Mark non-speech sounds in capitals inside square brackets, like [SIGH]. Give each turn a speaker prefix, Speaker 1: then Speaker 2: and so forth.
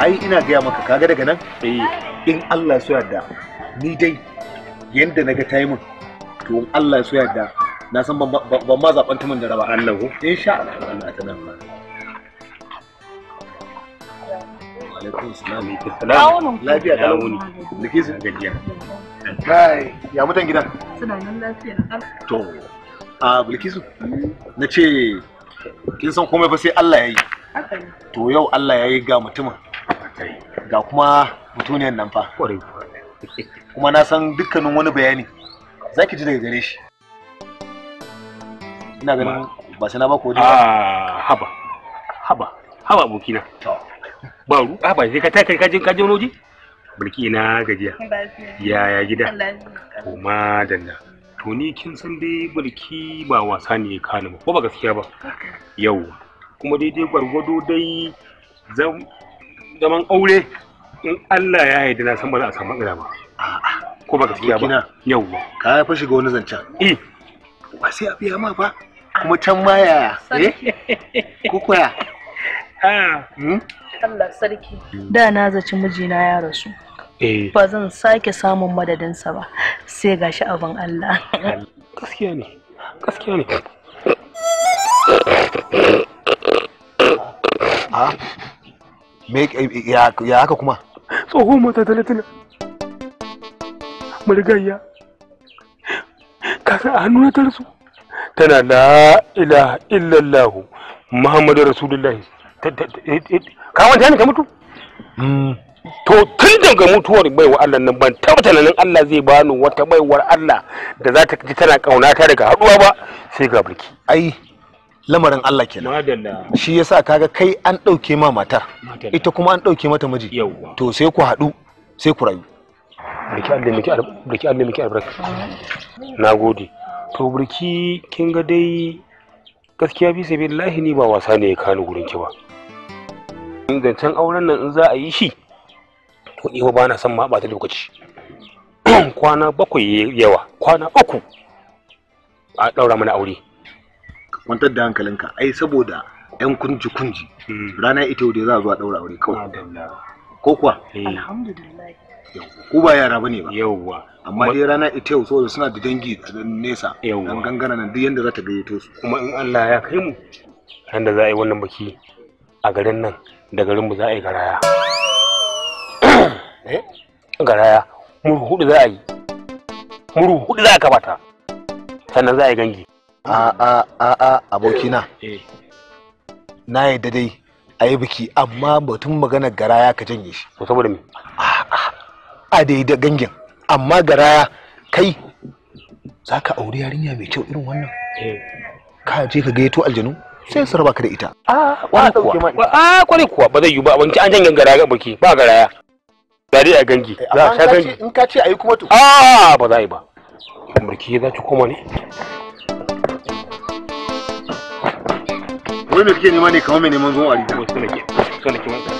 Speaker 1: ai ina gaya maka kaga daga nan eh. in Allah so yarda ni dai yanda naga ta to in Allah so yarda na san ban ma zaben tumin da raba Allah ko insha Allah Allah ta nan ba alaikum salam salam lafiya da wuni nake su gajiya kai ya mutan gidan suna nan lafiya to a na ce kin san komai fa sai Allah ya yi to yau Allah ya yi ga mutumin ga kuma mutuniyar nan fa [LAUGHS] kuma na san dukkanin wani bayani za ki ji daga gare shi ina ganin ba sai na ba ko ah, haba haba haba abokina ah, ba ru haba sai ka taka ka je ka jin roji bulki na gajiya ya ya gida kuma danna to ni kin san dai bulki ba wasa ne ni ba ko ba gaskiya ba yau kuma daidai gwargwado dai zan zaman aure in Allah ya yi na san ba za a samu matsala ba ko ba gaskiya ba yawwa ka fa shiga wani zancen eh ba sai a biya ma fa kuma can ma ya? eh ko koya ah. hmm? Allah sarki da na zaci mijina ya rasu eh. ba zan sake samun madadinsa ba sai gashi abin Allah gaskiya ne gaskiya ne ya haka kuma tsohon mata talatina murgayya kasar a hannu na tarsu tana la ilaha illallahu muhammadu rasulullah kawon ta eh, eh, ne ka mutu mm. to tun daga mutuwar baiwa Allah nan ban taba nan Allah zai bani wata baiwar Allah da za ta ji tana kaunata daga haduwa ba sai ga birki ai lamarin Allah kenan shi yasa kaga kai an ɗauke ma matar ita kuma an ɗauke mata miji to sai ku haɗu sai ku rayu Birki Allah miki biki Allah na gode. to birki kin ga dai gaskiya bisa sabilillahi ni ba wasa ne ya kani gurin ki ba zancen auren nan in za a yi shi to ni ba na son ma ɓata lokaci [CLEARS THROAT] kwana bakwai yawa kwana uku a ɗaura mana aure kwantar da hankalinka ai saboda yan kunji kunji hmm. rana ita wadda za a zuwa daura aure kawai ko kuwa eh. alhamdulillah ku ba yara bane ba yawwa amma dai rana ita yau saboda suna da dangi da nesa ɗan gangana nan duk yanda za ta gayyato su kuma in Allah ya kai mu Nan da za a yi wannan baki a garin nan da garin mu za a yi garaya [COUGHS] eh garaya murhu hudu za a yi muru hudu za a kabata sannan za a yi gangi a a a a abokina eh. na yadda dai a yi biki amma batun maganar garaya ka janye shi ko saboda me a daidai gangin amma garaya kai za ka auri yarinya mai kyau irin wannan eh. ka je ka gaito aljanu sai su raba ka da ita a kwarai kuwa ba zai yi ba wanki an janye garaya ga biki ba garaya gari a gangi eh, za a gangi in ka ce a yi kuma to a ba za a yi ba mulki za ki koma ne wai me kake nema ne kamar mai neman zuwa a rijiya